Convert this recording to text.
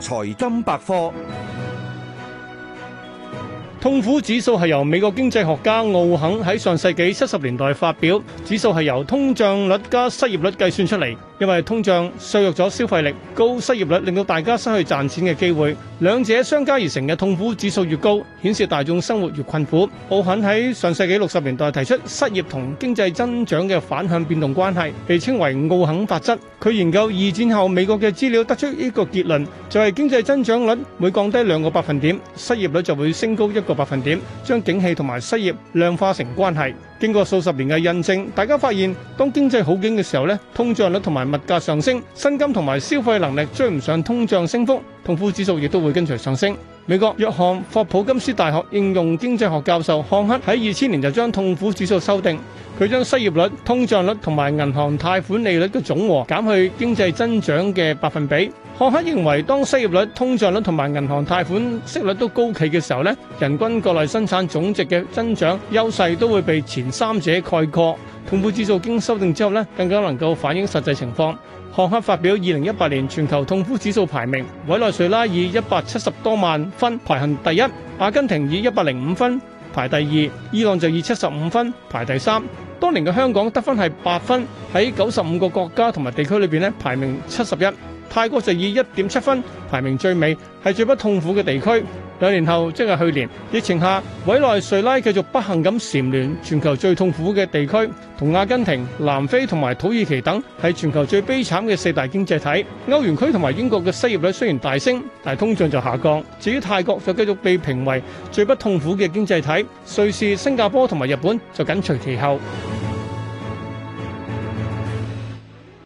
財金百科。痛苦指數係由美國經濟學家奧肯喺上世紀七十年代發表，指數係由通脹率加失業率計算出嚟。因為通脹削弱咗消費力，高失業率令到大家失去賺錢嘅機會，兩者相加而成嘅痛苦指數越高，顯示大眾生活越困苦。奧肯喺上世紀六十年代提出失業同經濟增長嘅反向變動關係，被稱為奧肯法則。佢研究二戰後美國嘅資料，得出一個結論，就係經濟增長率每降低兩個百分點，失業率就會升高一個百分點，將景氣同埋失業量化成關係。經過數十年嘅印證，大家發現當經濟好景嘅時候咧，通脹率同埋物價上升，薪金同埋消費能力追唔上通脹升幅，痛苦指數亦都會跟隨上升。美國約翰霍普金斯大學應用經濟學教授漢克喺二千年就將痛苦指數修訂，佢將失業率、通脹率同埋銀行貸款利率嘅總和減去經濟增長嘅百分比。漢克認為，當失業率、通脹率同埋銀行貸款息率都高企嘅時候呢，人均國內生產總值嘅增長優勢都會被前三者概括。痛苦指數經修訂之後呢，更加能夠反映實際情況。漢克發表二零一八年全球痛苦指數排名，委內瑞拉以一百七十多萬分排行第一，阿根廷以一百零五分排第二，伊朗就以七十五分排第三。當年嘅香港得分係八分，喺九十五個國家同埋地區裏邊呢，排名七十一。泰國就以一點七分排名最尾，係最不痛苦嘅地區。兩年後，即係去年疫情下，委內瑞拉繼續不幸咁蟬聯全球最痛苦嘅地區，同阿根廷、南非同埋土耳其等係全球最悲慘嘅四大經濟體。歐元區同埋英國嘅失業率雖然大升，但係通脹就下降。至於泰國就繼續被評為最不痛苦嘅經濟體，瑞士、新加坡同埋日本就緊隨其後。